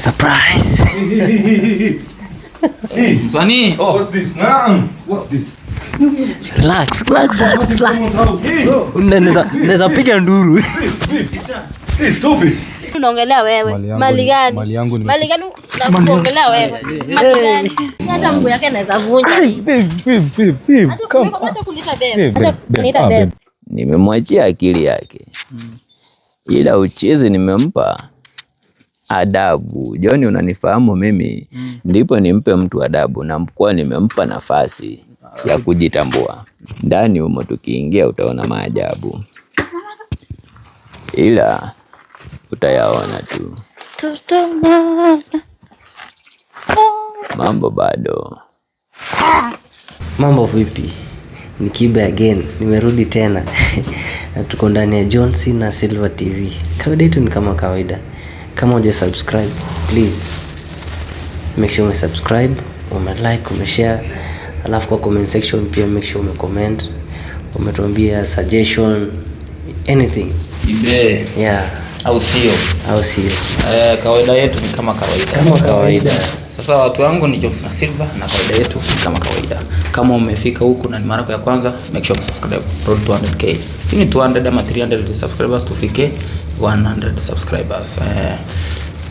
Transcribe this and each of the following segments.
Surprise. Hey, Sunny. Oh. What's this? Nah. What's this? Relax, relax, relax. Naweza piga nduru. Hey, stop it. Unaongelea wewe. Mali gani? Mali yangu ni mali gani? Unaongelea wewe. Mali gani? Hata mguu yake naweza vunja. Babe, babe, babe. Hata kuniita babe. Hata kuniita ah, babe. Nimemwachia akili yake. Ila uchezi nimempa adabu. John, unanifahamu mimi mm. Ndipo nimpe mtu adabu, na mkuwa nimempa nafasi ya kujitambua. Ndani humo tukiingia, utaona maajabu, ila utayaona tu, mambo bado. Mambo vipi? Ni Kibe again, nimerudi tena tuko ndani ya John Cena Silver TV. Kawaida yetu ni kama kawaida. Kama uja subscribe please make sure ume subscribe, ume like, ume share, alafu kwa comment section pia make sure ume comment, umetuambia suggestion anything ibe, yeah, au sio, au sio? Eh, kawaida yetu ni kama kawaida, kama kawaida. Sasa watu wangu ni Johnson Silva na kawaida yetu ni kama kawaida. Kama umefika huku na ni mara ya kwanza, make sure subscribe road 200k. sini 200 ama 300 subscribers tufike 100 subscribers eh.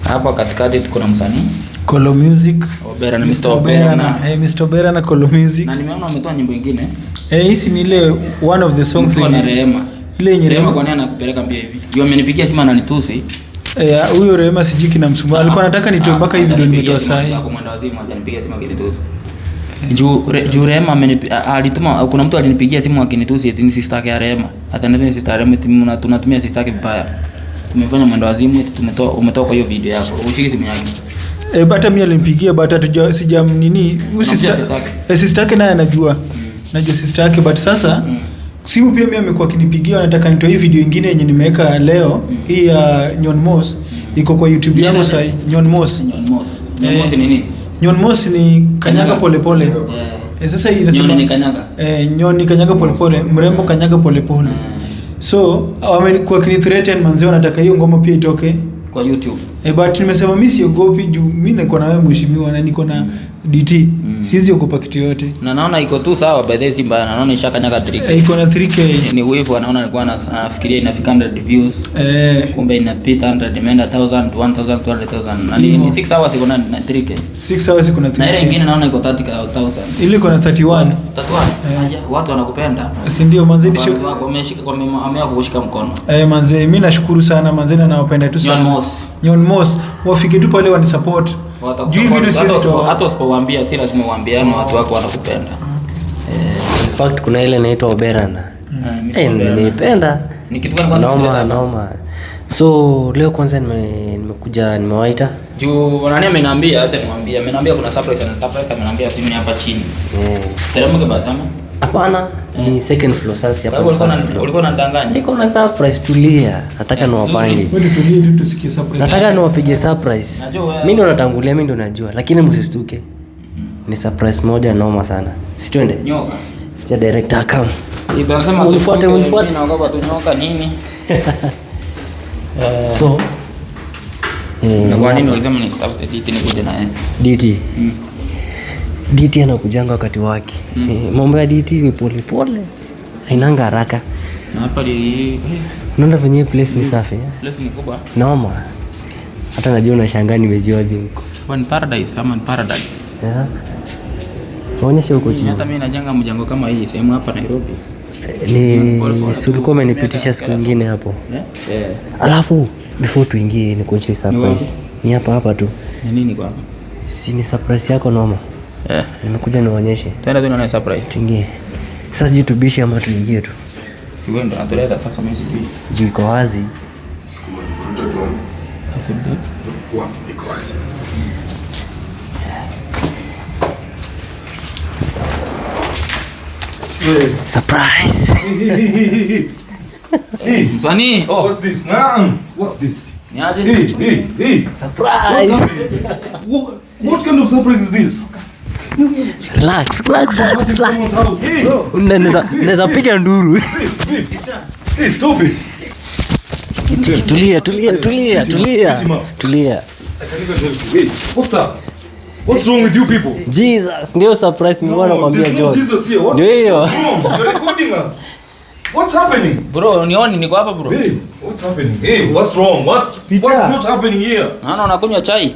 Hapa katikati tuko na msanii Kolo Music Obera na Mr. Obera na eh, Mr. Obera na Kolo Music na nimeona wametoa nyimbo nyingine eh, hii si ni ile one of the songs yenye Rehema, ile yenye Rehema. Kwa nini anakupeleka mbio hivi? Yeye amenipigia simu ananitusi eh, huyo Rehema sijui kinamsumbua, alikuwa anataka ah, nitoe mpaka hivi ndio nimetoa saa hii. Akomanda wazimu ajanipigia simu akinitusi eh. juu juu Rehema alituma, kuna mtu alinipigia simu akinitusi eti ni sister yake Rehema, ataniambia sister Rehema tunatumia sister yake vibaya umefanya mwendo wazimu, tumetoa umetoa kwa hiyo video yako, ushiki simu eh, yake. E, eh, bata mimi alimpigia bata tuja sijamnini huyu sister e, sister yake naye anajua mm. najua sister yake but sasa mm. simu pia mimi amekuwa akinipigia, anataka nitoe hii video nyingine yenye nimeweka leo mm. hii ya uh, Nyon Moss mm. iko kwa YouTube yangu sasa. Nyon Moss Nyon Moss Nyon eh. Moss ni nini? Nyon Moss ni kanyaga polepole pole. Yeah. E, sasa hii inasema Nyon ni kanyaga eh, Nyon ni kanyaga polepole pole. Mrembo kanyaga polepole pole. Yeah. So I mean, kwa kini threaten manzi wanataka hiyo ngoma pia itoke kwa YouTube. Eh, but nimesema mimi siogopi juu mimi niko na wewe mheshimiwa na niko na DT mm. Siwezi ogopa kitu yote na naona iko tu sawa, by the way Simba na naona ishakanyaga 3k, E, eh, iko na 3k ni wivu, anaona alikuwa anafikiria inafika 100 views eh, kumbe inapita 100, imeenda 1000 1000 2000 na ni 6 hours iko na 3k, 6 hours iko na 3k, na ile nyingine naona iko 30000, ile iko na 31 31. Eh. Watu wanakupenda, si ndio manze? Ni show wako ameshika kwa ameamua kukushika mkono eh, manze, mimi nashukuru sana manze, na nawapenda tu sana Nyon Moss, Nyon Moss wafike tu pale wanisupport hata video sio tu. Hata watu wako wanakupenda. In fact kuna ile naitwa mm, eh, Oberana. nimeipenda. So leo kwanza nimekuja nimewaita. Juu nani ameniambia acha Ameniambia kuna surprise ameniambia simu hapa chini. Eh. Hapana, ni second floor sasa hapo. Ulikuwa unadanganya. Niko na surprise, tulia. Nataka eh, niwapange. Wewe tulie tu tusikie surprise. Nataka niwapige surprise. Najua. Mimi ndo natangulia, mimi ndo najua. Lakini msistuke. Ni surprise moja noma sana. Si Nyoka. Ya director akam. Itanasema unifuate, unifuate. Naogopa tu nyoka nini? Eh. So, na kwa eh, nini ulisema ni staff DT nikuje naye? DT. Mm. DT anakujanga wakati wake. Mm. Eh, mambo ya DT ni polepole, hainanga haraka. Na hapa ni eh. naona venye place ni safi. Eh? Place ni kubwa. Hata najua unashangaa nimejuaje huko. One paradise ama paradise. Yeah. Waonyeshe huko chini. Hata kama hii sehemu hapa Nairobi. Ni sulikuwa umenipitisha siku nyingine hapo. Alafu before tuingie nikuonyeshe surprise. Ni hapa hapa tu. Ni nini kwa hapa? Si ni surprise yako noma. Yeah. Nimekuja nionyeshe. Tena tuna na surprise. Tuingie. Sasa sijui tubishi ama tuingie tu. Si wewe ndo unatolea sasa mimi sijui. Juu iko wazi. Sikuma ni kurudia tu. Afadhali. Kwa iko wazi. Surprise. Hey, Sunny. Oh. What's this? Nah. What's this? Niaje? Hey, hey, hey. Surprise. What, What kind of surprise is this? Relax, relax, relax. Naweza piga nduru. Tulia, tulia, tulia, tulia. Tulia. What's wrong with you people? Jesus, ndio surprise John. Jesus here. What's You're recording us. What's happening? Bro, unioni niko hapa bro. what's happening? Hey, what's wrong? What's what's not happening here? Naona unakunywa chai.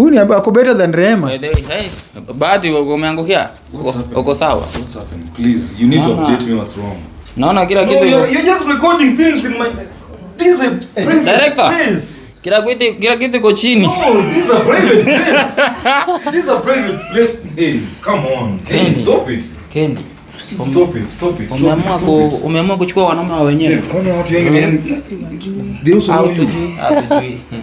Huyu ni ako better than Rema. Bahati umeangukia. Uko sawa? Please, you need to update me what's wrong. Naona kila kitu. just recording things in my This is Director. Kila kitu kila kitu iko chini. this is a private place. This is a private place. come on. stop it. Stop it, stop it. Umeamua ku umeamua kuchukua wanaume wa wenyewe. Kuna watu wengi. Deus hmm?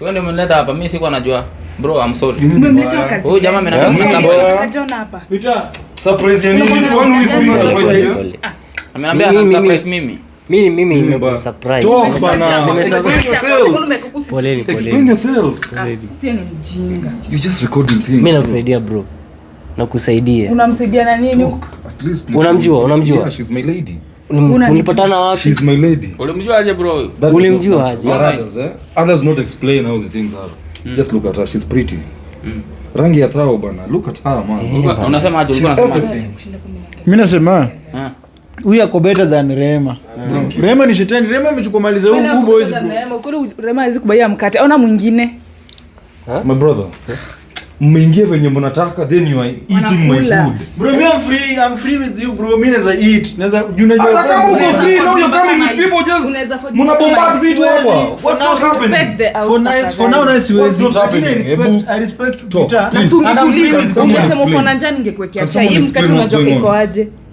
Sio ndio mnileta hapa. Mimi sikuwa najua. Bro, I'm sorry. kazi. Huyu jamaa amenifanyia yaani surprise. ya nini? surprise hiyo? Ah. Ameniambia ana surprise mimi. Mimi mimi ni surprise. Talk bana. Poleni poleni. Explain yourself. Ah, pia ni mjinga. You just recording things. Mimi nakusaidia bro. Nakusaidia. Unamsaidia na nini? Unamjua, unamjua. She's my lady minasema wapi? Eh? Eh? Hmm. Hmm. Rangi eh, huyu ako better than Rema. Rema ni shetani. Rema amechukua mali za huyu Rema hawezi kubaia mkate. Ona mwingine. My brother mmeingia venye mnataka then you are eating my food. Bro, me I'm free. I'm free with you bro. Mimi naweza eat. Naweza you know you are free. free now you're coming with people just mna bombard vitu hapo. What's not happening? For nice for now na siwezi. I respect Peter. Na sungekuuliza ungesema uko na njaa ningekuwekea chai mkate unajua kiko aje.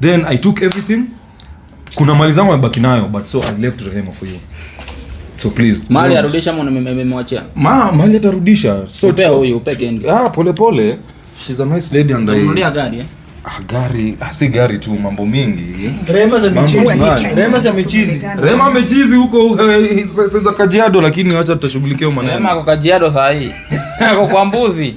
then I took everything. Kuna mali zangu amebaki nayo but so I left Rehema for you so please mali arudisha mwana mmemwachia ma mali atarudisha so upea huyu upea kengi ah pole pole she's a nice lady and I gari eh Ah, gari ah, si gari tu mambo mingi Rema amechizi huko eh, eh, eh, sasa Kajiado, lakini acha tutashughulikia maneno. Rema kwa Kajiado saa ako kwa mbuzi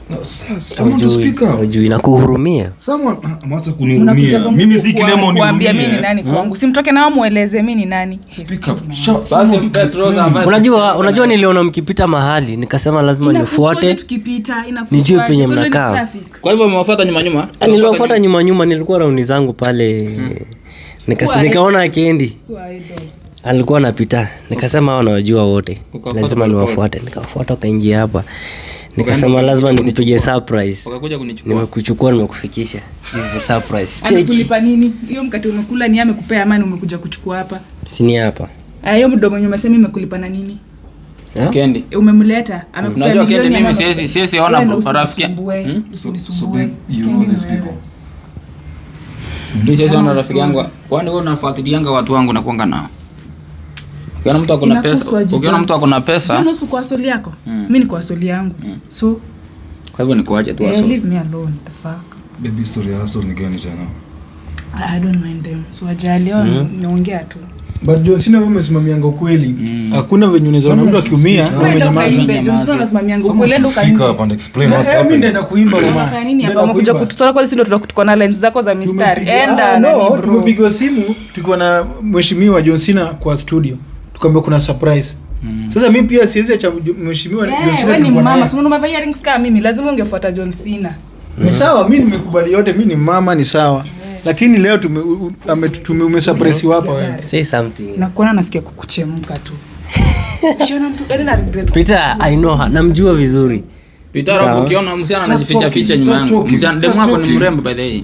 Uh, uh, Simtoke nao mueleze ni naniunajua Unajua, niliona mkipita mahali nikasema lazima nifuate nijue penye mnakaa. nyumanyuma ah, nyuma nyuma? nilikuwa rauni zangu pale hmm. nikaona akiendi alikuwa napita nikasema awa nawajua wote, lazima niwafuate. Nikawafuata, wakaingia hapa nikasema lazima nikupige surprise. Wakakuja kunichukua. Nimekuchukua nimekufikisha. Ni surprise. Alikulipa nini? Hiyo mkate umekula ni amekupea ama umekuja kuchukua hapa? Si ni hapa. Ah, hiyo mdomo wenyewe sema imekulipa na nini? Kendi. Umemleta. Amekupea. Unajua Kendi mimi siwezi siwezi ona rafiki. Hmm? Mimi siwezi ona rafiki yangu. Kwani wewe unafuatilianga watu wangu na kuanga nao? Ukiona mtu akona pesa, ukiona mtu akona pesa, nusu kwa asili yako. Hmm. Mimi ni kwa asili yangu. Hmm. So kwa hivyo nikuache tu eh, asili. Leave me alone, the fuck. story ni gani tena? I don't mind them. So hmm. naongea tu. But wewe umesimamianga kweli Hakuna venye unaweza mtu akiumia wewe umenyamaza. Unasimamianga explain what's happening. Mimi kuimba nini hapa? Umekuja kwa sisi na lines zako za mistari. Enda ah, na bro. Tumepigwa simu tukiwa na mheshimiwa John Cena kwa studio tukaambia kuna surprise. Mm. Sasa mimi pia siwezi acha mheshimiwa yeah, John Cena. Ni mama, si umevalia rings kama mimi, lazima ungefuata John Cena. Mm. Ni sawa, mimi nimekubali yote, mimi ni mama, ni sawa. Yeah. Lakini leo tume tume umesurprise hapa wewe. Say something. Na kuona nasikia kukuchemka tu. Yaani Peter, I know her. Namjua vizuri. Peter, ukiona msichana anajificha ficha nyuma yangu. Msichana demu wako ni mrembo by the way.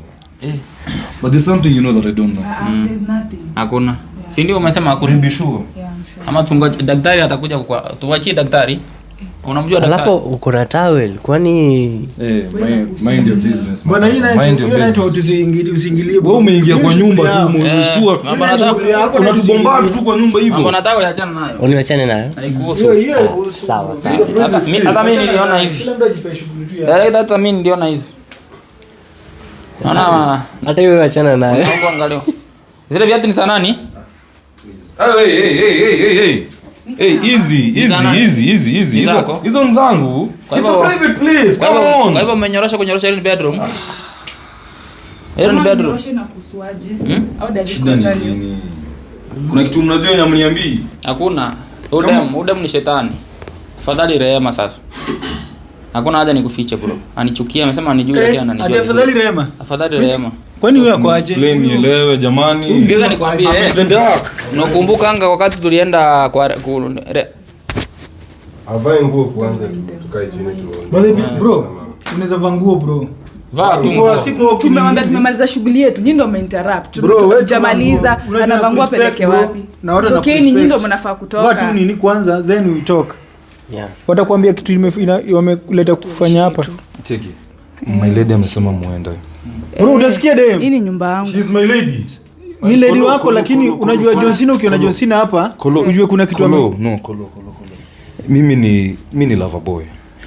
But eh. there's something you know that I don't know. Ah, ah, mm. There's nothing. Hakuna. Yeah. umesema hakuna? sure. Yeah, I'm sure. daktari atakuja tuwachie daktari. Eh. Unamjua daktari. Alafu uko eh, mind your business. hii kwa nyumba tu kwa nyumba hivyo. Ah, Mbona towel niliona hizi. Naona hata wewe achana naye. angalio. Zile viatu ni za nani? Hey, hey, hey, hey, hey. Hey, easy, easy, easy, easy, easy. Hizo hizo ni zangu. It's a private place. Come on. Kwa hivyo mmenyorosha kunyorosha ile ni bedroom. Ah. Ile ni bedroom. Hmm? Kuna kitu mnajua nyamniambii? Hakuna. Udem, udem ni shetani. Afadhali rehema sasa. Hakuna haja ni kuficha bro. Anichukia, amesema anijui hey, eh, lakini ananijua. afadhali rehema Afadhali rehema Kwani wewe uko aje? Explain nielewe jamani. Sikiliza nikwambie. eh The dark. Nakumbuka anga wakati tulienda kwa Avae nguo kwanza tukae chini tuone. Bro, unaweza vaa nguo bro. Vaa tu Tumeanza tumemaliza shughuli yetu, nyinyi ndio mmeinterrupt. Tujamaliza, anavangua peleke wapi? Na na wote Tokeni, nyinyi ndio mnafaa kutoka. Watu nini kwanza then we talk yeah. Watakuambia kitu wameleta kufanya hapa. mailedi amesema mwenda eh, Bro, utasikia dem. ni nyumba yangu. Ni wako lakini unajua John ukiona John hapa ujue kuna kitu ambacho. No, kolo kolo kolo. Mimi ni mi ni lover boy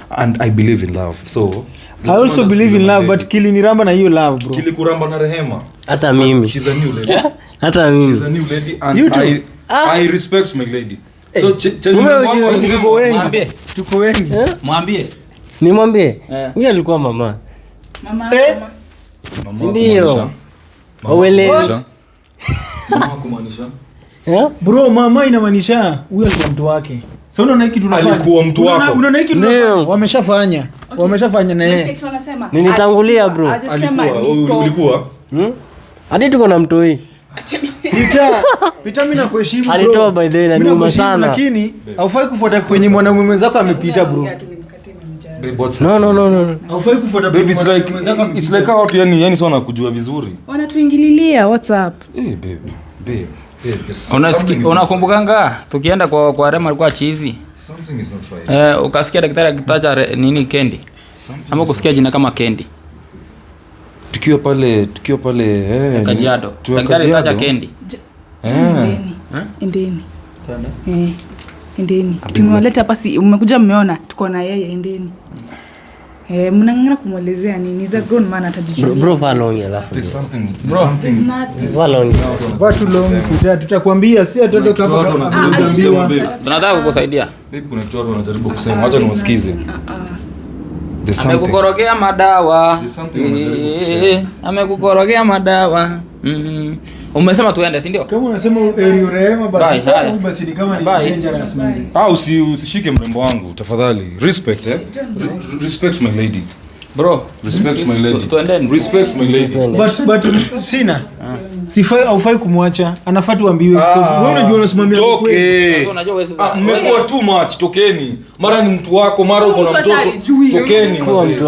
and I believe in love. So I also believe in love but Kili ni ramba na hiyo love bro. Kili kuramba na rehema. Hata mimi. She's a new lady. Hata mimi. She's a new lady and I I respect my lady. Eh? nimwambie huyu eh. alikuwa mama, eh? si ndio? bro, mama inamaanisha alikuwa mtu wake. Sasa unaona wameshafanya wameshafanya ninitangulia bro, hmm? hadi tuko na mtoi Pita, Alitoa by the way na sana. Lakini haufai kufuata kwenye mwanaume mwenzako amepita bro. No no no no. baby it's like it's like yani yani vizuri. Wanatuingililia WhatsApp. Eh, babe. Babe. Unasikia unakumbukanga tukienda kwa kwa Rema alikuwa chizi. Something is not right. Eh, ukasikia daktari akitaja nini Kendi? Ama kusikia jina kama Kendi tukiwa pale tukiwa pale Endeni. Eh, eh. eh? Tumewaleta hapa si umekuja mmeona tuko na yeye endeni. Eh, kumwelezea nini za grown man atajijua. Bro, alafu. There's something. Bro, something. tutakwambia si ah, ah, ah. Tunataka kukusaidia. kuna kitu watu wanajaribu kusema. ah amekukorogea madawa e, amekukorogea madawa mm-hmm. Umesema tuende, si ndio? Kama unasema eri rehema basi basi ni kama ni dangerous manzi. Ah, usi usishike mrembo wangu tafadhali. Respect eh. Respect my lady. Bro, respect my lady. Tuendeni. Respect my lady. But but sina. Ah. Sifai kumwacha, anafaa tuambiwe. najua ah, unajua unasimamia kweli. Ah, tokeni. Mara ni mtu wako, mara uko na mtoto. Tokeni mtu wangu.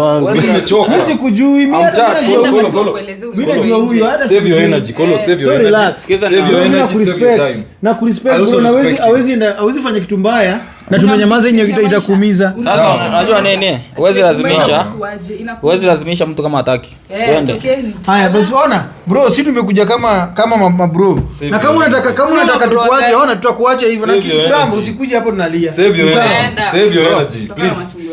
huyo na fanya kitu mbaya na tumenyamaza yenye itakuumiza. Sasa nini, huwezi lazimisha, huwezi lazimisha mtu kama hataki. Eh, Twende haya basi. Ona bro, si tumekuja kama kama mabro, na kama unataka kama unataka tukuache, ona tutakuacha hivyo, na kitambo usikuje hapo tunalia. Save your please.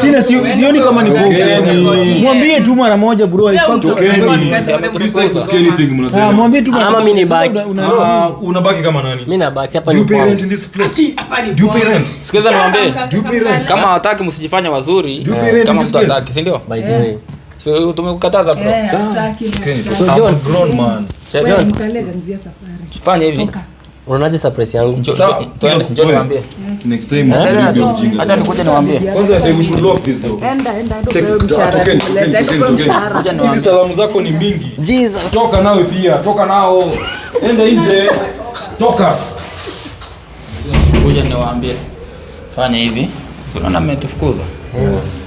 Sina sioni kama ni Mwambie tu mara moja bro, alifaa mwambie tu mimi kama nani? Mimi nabaki hapa ni Sikiza niwaambie. Kama hataki msijifanya wazuri, kama mtu hataki, si ndio? By the way. So tumekukataza bro. So John, grown man. John, hivi. Unaonaje surprise yangu? Next time eh? acha nikuje Kwanza we should lock this door. Enda enda Hizi salamu zako ni mingi. Jesus. Toka nawe pia, toka nao. Enda nje. Toka. kuja niwaambie. Fanya hivi. Tunaona mmetufukuza.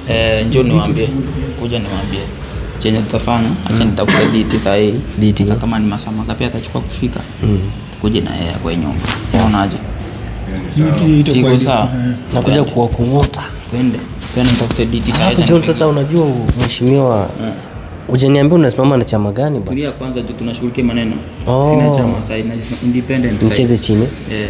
Eh, njoo Kuja niwambie chenye tutafanya acha mm. nitakupa DT saa hii DT kama ni masaa mangapi atachukua kufika, mm. tukuje na yeye kwa nyumba, unaonaje? Siko sawa, eh. nakuja kuwakung'ota, twende twende, nitakupa DT saa John, sasa unajua mheshimiwa eh. Ujaniambia unasimama na chama gani bwana? Tulia kwanza juu tunashughulikia maneno. Oh. Sina chama sasa, independent. Mcheze chini. Yeah.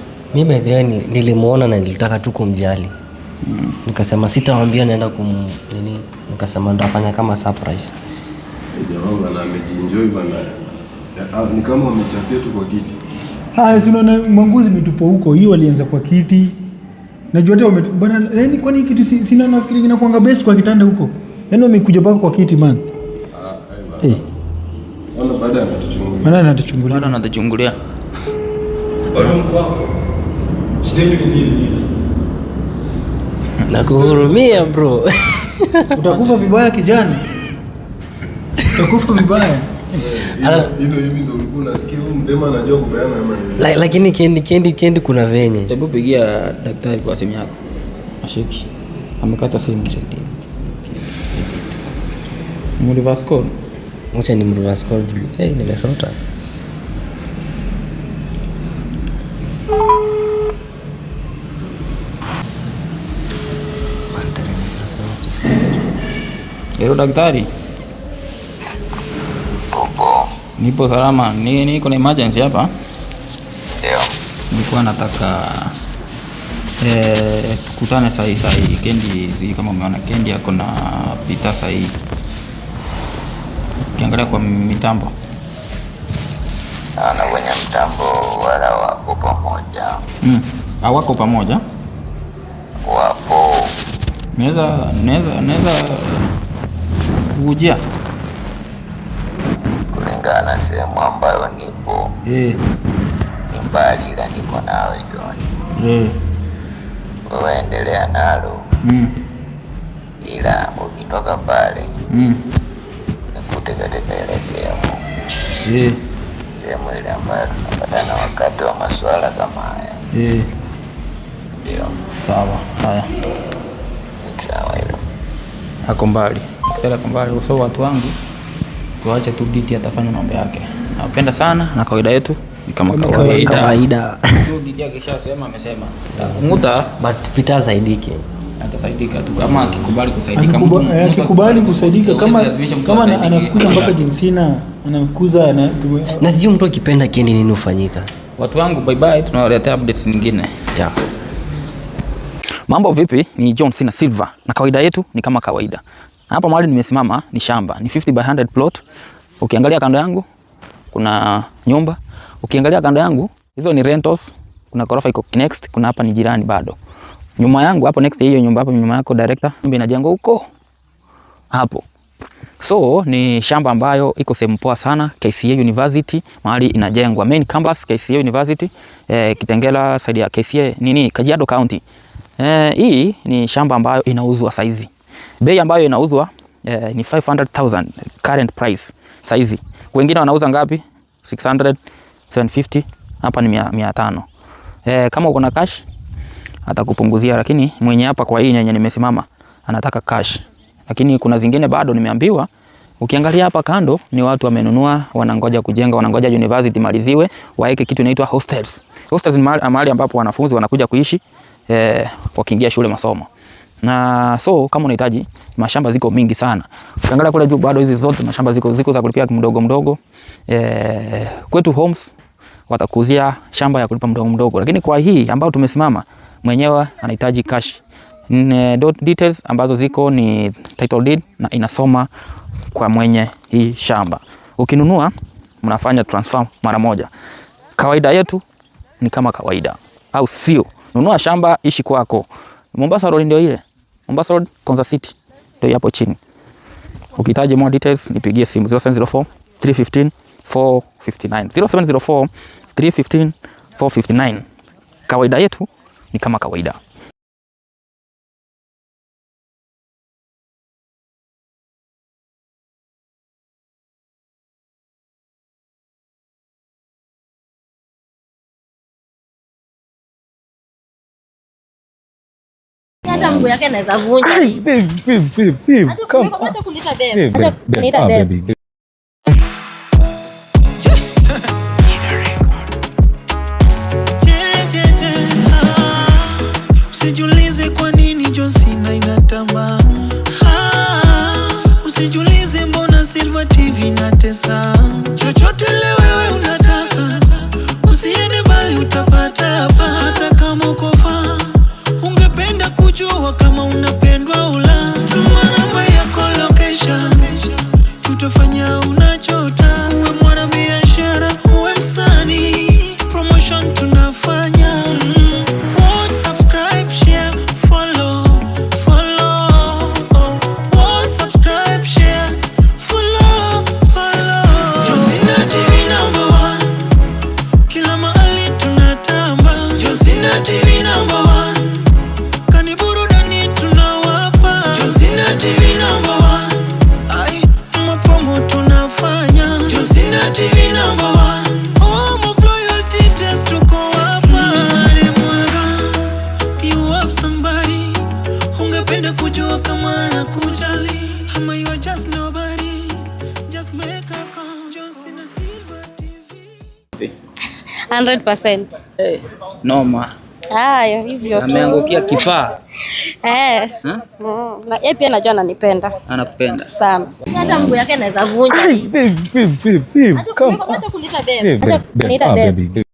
Mi by the way nilimuona na nilitaka tu kumjali mm. Nikasema sitawambia naenda kum nini, nikasema ndafanya kama surprise. Ah, ah, ni kama tu kwa kiti. Ah, si unaona manguzi mitupo huko, hiyo walianza kwa kiti. Najua hata bwana, yani kwani kitu sina nafikiri kwa kitanda huko. Yaani wamekuja paka kwa kiti man. Ah, eh. baada ya kutuchungulia. anatuchungulia. anatuchungulia. Bado mko hapo. Nakuhurumia bro. Utakufa vibaya kijana. Utakufa vibaya. Lakini kendi kendi kendi, kuna venye. Hebu pigia daktari kwa simu yako. Ashiki amekata simu. Mrivasco, acha ni mrivasco juu. Hey, nimesota Hello daktari. Opo. Nipo salama. Ni niko na emergency hapa. Ndio. Nilikuwa nataka eh, tukutane sahi sahi. Kendi zi kama umeona Kendi yako na pita sahi. Ukiangalia kwa mitambo. Ana kwenye mtambo wala wako pamoja. Mm. Hawako ah, pamoja? Wapo. Naweza naweza naweza kukujia kulingana na sehemu ambayo nipo eh, ni mbali, ila niko nawe John eh. Wewe endelea nalo mm. Ila ukitoka pale mm. nikute katika ile sehemu eh, sehemu ile ambayo tunapatana wakati wa masuala kama haya eh. Ndio sawa. Haya, sawa, hilo hako mbali. Ela kwamba aliwasau watu wangu tuache tu Diti atafanya mambo yake. Napenda sana na kawaida yetu ni kama kawaida. Kawaida. Sio Diti akishasema amesema. Muda but Peter zaidike. Atasaidika tu kama akikubali kusaidika mtu. Akikubali kusaidika kama kama anafukuza mpaka jinsina, anafukuza na na sijui mtu akipenda kiendi nini ufanyika. Watu wangu bye bye, tunawaletea updates nyingine. Ja. Mambo vipi? Ni John Cena Silva na kawaida yetu ni kama kawaida. Hapa mahali nimesimama ni shamba, ni 50 by 100 plot. Ukiangalia kando yangu kuna nyumba, ukiangalia kando yangu hizo ni rentals. Kuna ghorofa iko next, kuna hapa ni jirani bado. Nyuma yangu hapo next hiyo nyumba hapo nyuma yako director, nyumba inajengwa huko hapo. So ni shamba ambayo iko sehemu poa sana, KCA University mahali inajengwa main campus KCA University eh, Kitengela side ya KCA nini Kajiado County. Eh, hii ni shamba ambayo inauzwa saizi bei ambayo inauzwa eh, ni 500,000 current price saizi. Wengine wanauza ngapi? 600, 750, hapa ni 500. Eh, kama uko na cash atakupunguzia, lakini mwenye hapa kwa hii nyenye nimesimama anataka cash, lakini kuna zingine bado nimeambiwa Ukiangalia hapa kando ni watu wamenunua, wanangoja kujenga, wanangoja university maliziwe, waeke kitu inaitwa hostels. Hostels ni mahali ambapo wanafunzi wanakuja kuishi eh, wakiingia shule masomo na so kama unahitaji mashamba ziko mingi sana. Ukiangalia kule juu bado hizi zote mashamba ziko ziko za kulipia mdogo mdogo. E, kwetu Homes watakuzia shamba ya kulipa mdogo mdogo, lakini kwa hii ambayo tumesimama mwenyewe anahitaji cash. dot Details ambazo ziko ni title deed na inasoma kwa mwenye hii shamba. Ukinunua mnafanya transfer mara moja. Kawaida yetu ni kama kawaida, au sio? Nunua shamba ishi kwako. Mombasa road ndio ile. Mombasa Road, Konza City ndio hapo chini. Ukihitaji more details nipigie simu 0704 315 459 0704 315 459. Kawaida yetu ni kama kawaida. hata mguu yake anaweza vunja. 100%. Hey, eh, noma. Hayo hivyo. Ameangukia kifaa. Eh. Mm, na yeye pia anajua ananipenda. Anakupenda. sana. Hata mguu yake anaweza vunja. Baby, baby, ah, baby. Come. Acha kunita baby. Acha kunita baby.